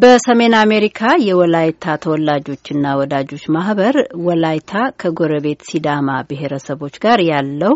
በሰሜን አሜሪካ የወላይታ ተወላጆችና ወዳጆች ማህበር ወላይታ ከጎረቤት ሲዳማ ብሔረሰቦች ጋር ያለው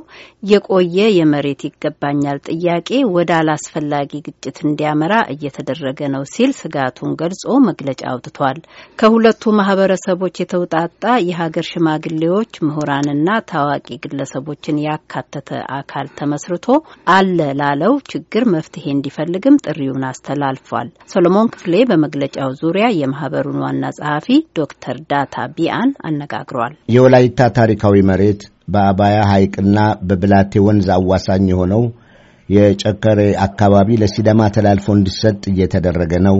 የቆየ የመሬት ይገባኛል ጥያቄ ወደ አላስፈላጊ ግጭት እንዲያመራ እየተደረገ ነው ሲል ስጋቱን ገልጾ መግለጫ አውጥቷል። ከሁለቱ ማህበረሰቦች የተውጣጣ የሀገር ሽማግሌዎች፣ ምሁራንና ታዋቂ ግለሰቦችን ያካተተ አካል ተመስርቶ አለ ላለው ችግር መፍትሄ እንዲፈልግም ጥሪውን አስተላልፏል። ሶሎሞን ክፍሌ በመግለጫው ዙሪያ የማህበሩን ዋና ጸሐፊ ዶክተር ዳታ ቢያን አነጋግሯል። የወላይታ ታሪካዊ መሬት በአባያ ሐይቅና በብላቴ ወንዝ አዋሳኝ የሆነው የጨከሬ አካባቢ ለሲዳማ ተላልፎ እንዲሰጥ እየተደረገ ነው።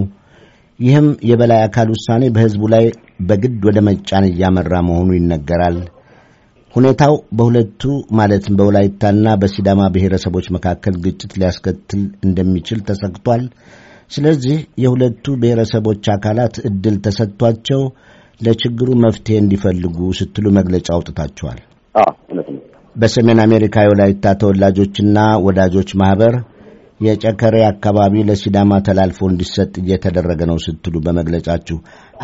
ይህም የበላይ አካል ውሳኔ በሕዝቡ ላይ በግድ ወደ መጫን እያመራ መሆኑ ይነገራል። ሁኔታው በሁለቱ ማለትም በወላይታና በሲዳማ ብሔረሰቦች መካከል ግጭት ሊያስከትል እንደሚችል ተሰግቷል። ስለዚህ የሁለቱ ብሔረሰቦች አካላት እድል ተሰጥቷቸው ለችግሩ መፍትሄ እንዲፈልጉ ስትሉ መግለጫ አውጥታችኋል። በሰሜን አሜሪካ የወላይታ ተወላጆችና ወዳጆች ማህበር የጨከሬ አካባቢ ለሲዳማ ተላልፎ እንዲሰጥ እየተደረገ ነው ስትሉ በመግለጫችሁ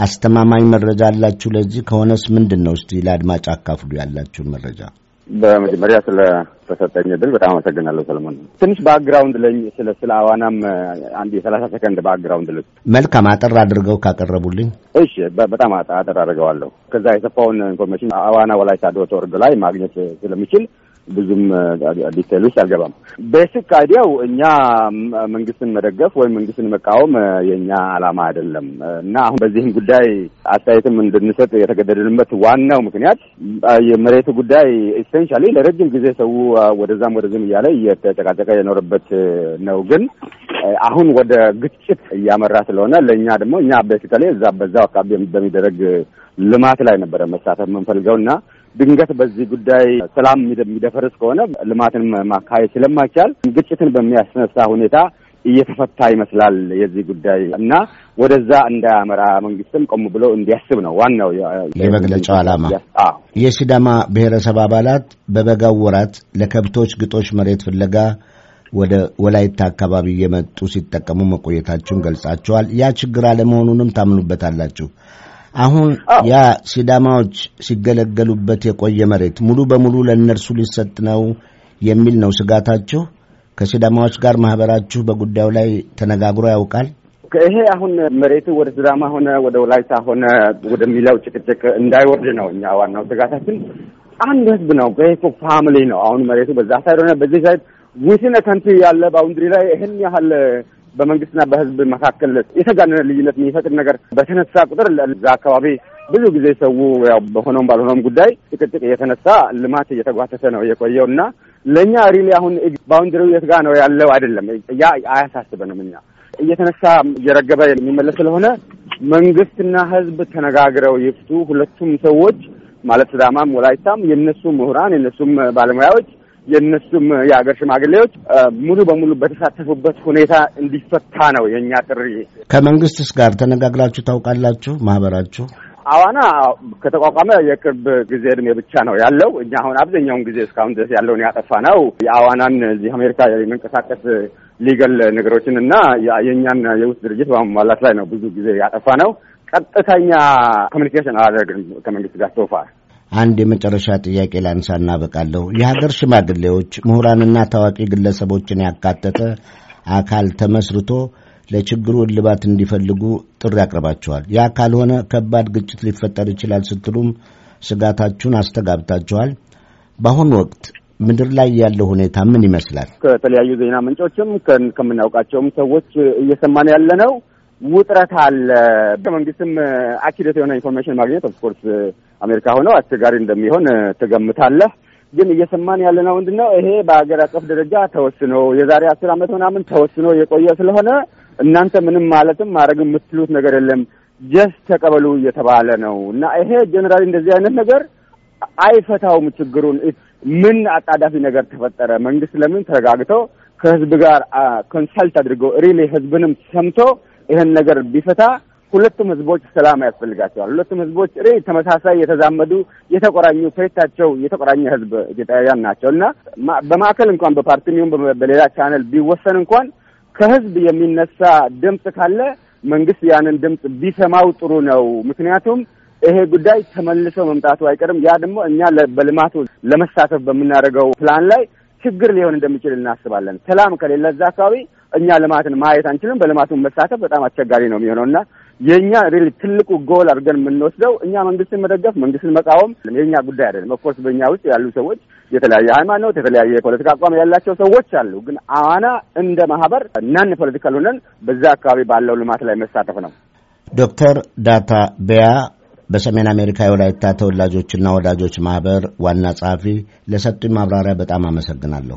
አስተማማኝ መረጃ አላችሁ? ለዚህ ከሆነስ ምንድን ነው? እስቲ ለአድማጭ አካፍሉ ያላችሁን መረጃ። በመጀመሪያ ስለ ተሰጠኝ እድል በጣም አመሰግናለሁ ሰለሞን። ትንሽ ባክግራውንድ ለኝ ስለ ስለ አዋናም አንድ የሰላሳ ሰከንድ ባክግራውንድ ልስ መልካም አጠር አድርገው ካቀረቡልኝ። እሺ በጣም አጠር አድርገዋለሁ። ከዛ የሰፋውን ኢንፎርሜሽን አዋና ወላይታ ዶት ኦርግ ላይ ማግኘት ስለሚችል ብዙም ዲቴል ውስጥ አልገባም። ቤሲክ አይዲያው እኛ መንግስትን መደገፍ ወይም መንግስትን መቃወም የእኛ አላማ አይደለም እና አሁን በዚህም ጉዳይ አስተያየትም እንድንሰጥ የተገደድንበት ዋናው ምክንያት የመሬቱ ጉዳይ ኢሴንሻሊ ለረጅም ጊዜ ሰው ወደዛም ወደዚህም እያለ እየተጨቃጨቀ የኖረበት ነው። ግን አሁን ወደ ግጭት እያመራ ስለሆነ ለእኛ ደግሞ እኛ በተለይ እዛ በዛው አካባቢ በሚደረግ ልማት ላይ ነበረ መሳተፍ የምንፈልገው እና ድንገት በዚህ ጉዳይ ሰላም የሚደፈርስ ከሆነ ልማትን ማካሄድ ስለማይቻል ግጭትን በሚያስነሳ ሁኔታ እየተፈታ ይመስላል የዚህ ጉዳይ እና ወደዛ እንዳያመራ መንግስትም ቆም ብሎ እንዲያስብ ነው ዋናው የመግለጫው ዓላማ። የሲዳማ ብሔረሰብ አባላት በበጋው ወራት ለከብቶች ግጦሽ መሬት ፍለጋ ወደ ወላይታ አካባቢ እየመጡ ሲጠቀሙ መቆየታችሁን ገልጻችኋል። ያ ችግር አለመሆኑንም ታምኑበታላችሁ። አሁን ያ ሲዳማዎች ሲገለገሉበት የቆየ መሬት ሙሉ በሙሉ ለእነርሱ ሊሰጥ ነው የሚል ነው ስጋታችሁ። ከሲዳማዎች ጋር ማህበራችሁ በጉዳዩ ላይ ተነጋግሮ ያውቃል? ይሄ አሁን መሬቱ ወደ ሲዳማ ሆነ ወደ ወላይታ ሆነ ወደሚለው ጭቅጭቅ እንዳይወርድ ነው እኛ ዋናው ስጋታችን። አንድ ህዝብ ነው፣ በኮ ፋሚሊ ነው። አሁን መሬቱ በዛ ሳይድ ሆነ በዚህ ሳይድ ዊትን ከንቲ ያለ ባውንድሪ ላይ ይህን ያህል በመንግስትና በህዝብ መካከል የተጋነነ ልዩነት የሚፈጥር ነገር በተነሳ ቁጥር እዛ አካባቢ ብዙ ጊዜ ሰው ያው በሆነውም ባልሆነውም ጉዳይ ጭቅጭቅ እየተነሳ ልማት እየተጓተተ ነው የቆየው እና ለእኛ ሪሊ አሁን ባውንድሪው የት ጋ ነው ያለው አይደለም። ያ አያሳስበንም። እኛ እየተነሳ እየረገበ የሚመለስ ስለሆነ መንግስትና ህዝብ ተነጋግረው ይፍቱ። ሁለቱም ሰዎች ማለት ስዳማም፣ ወላይታም የነሱ ምሁራን የነሱም ባለሙያዎች የእነሱም የሀገር ሽማግሌዎች ሙሉ በሙሉ በተሳተፉበት ሁኔታ እንዲፈታ ነው የእኛ ጥሪ። ከመንግስትስ ጋር ተነጋግራችሁ ታውቃላችሁ? ማህበራችሁ አዋና ከተቋቋመ የቅርብ ጊዜ እድሜ ብቻ ነው ያለው። እኛ አሁን አብዛኛውን ጊዜ እስካሁን ድረስ ያለውን ያጠፋ ነው የአዋናን እዚህ አሜሪካ የመንቀሳቀስ ሊገል ነገሮችን እና የእኛን የውስጥ ድርጅት በማሟላት ላይ ነው ብዙ ጊዜ ያጠፋ ነው። ቀጥተኛ ኮሚኒኬሽን አላደርግም ከመንግስት ጋር ሶፋ አንድ የመጨረሻ ጥያቄ ላንሳ እናበቃለሁ። የሀገር ሽማግሌዎች ምሁራንና ታዋቂ ግለሰቦችን ያካተተ አካል ተመስርቶ ለችግሩ እልባት እንዲፈልጉ ጥሪ አቅርባቸዋል። ያ ካልሆነ ከባድ ግጭት ሊፈጠር ይችላል ስትሉም ስጋታችሁን አስተጋብታችኋል። በአሁኑ ወቅት ምድር ላይ ያለው ሁኔታ ምን ይመስላል? ከተለያዩ ዜና ምንጮችም ከምናውቃቸውም ሰዎች እየሰማን ያለ ነው። ውጥረት አለ። ከመንግስትም አኪደት የሆነ ኢንፎርሜሽን ማግኘት ኦፍኮርስ አሜሪካ ሆነው አስቸጋሪ እንደሚሆን ትገምታለህ። ግን እየሰማን ያለ ነው ምንድን ነው ይሄ በሀገር አቀፍ ደረጃ ተወስኖ የዛሬ አስር ዓመት ምናምን ተወስኖ የቆየ ስለሆነ እናንተ ምንም ማለትም ማድረግ የምትሉት ነገር የለም ጀስት ተቀበሉ እየተባለ ነው እና ይሄ ጀኔራል እንደዚህ አይነት ነገር አይፈታውም ችግሩን። ምን አጣዳፊ ነገር ተፈጠረ? መንግስት ለምን ተረጋግተው ከህዝብ ጋር ኮንሰልት አድርገው ሪሊ ህዝብንም ሰምቶ ይህን ነገር ቢፈታ ሁለቱም ህዝቦች ሰላም ያስፈልጋቸዋል። ሁለቱም ህዝቦች ሬ ተመሳሳይ የተዛመዱ የተቆራኙ ከየታቸው የተቆራኘ ህዝብ ኢትዮጵያውያን ናቸው እና በማዕከል እንኳን በፓርቲ ይሁን በሌላ ቻነል ቢወሰን እንኳን ከህዝብ የሚነሳ ድምፅ ካለ መንግስት ያንን ድምፅ ቢሰማው ጥሩ ነው። ምክንያቱም ይሄ ጉዳይ ተመልሶ መምጣቱ አይቀርም። ያ ደግሞ እኛ በልማቱ ለመሳተፍ በምናደርገው ፕላን ላይ ችግር ሊሆን እንደሚችል እናስባለን። ሰላም ከሌለ እዛ አካባቢ እኛ ልማትን ማየት አንችልም። በልማቱ መሳተፍ በጣም አስቸጋሪ ነው የሚሆነው እና የእኛ ሪል ትልቁ ጎል አድርገን የምንወስደው እኛ መንግስትን መደገፍ፣ መንግስትን መቃወም የእኛ ጉዳይ አይደለም። ኦፍኮርስ በእኛ ውስጥ ያሉ ሰዎች የተለያየ ሃይማኖት፣ የተለያየ የፖለቲካ አቋም ያላቸው ሰዎች አሉ። ግን አዋና እንደ ማህበር እናን ፖለቲካል ሆነን በዛ አካባቢ ባለው ልማት ላይ መሳተፍ ነው። ዶክተር ዳታ ቢያ በሰሜን አሜሪካ የወላይታ ተወላጆችና ወዳጆች ማህበር ዋና ጸሐፊ ለሰጡኝ ማብራሪያ በጣም አመሰግናለሁ።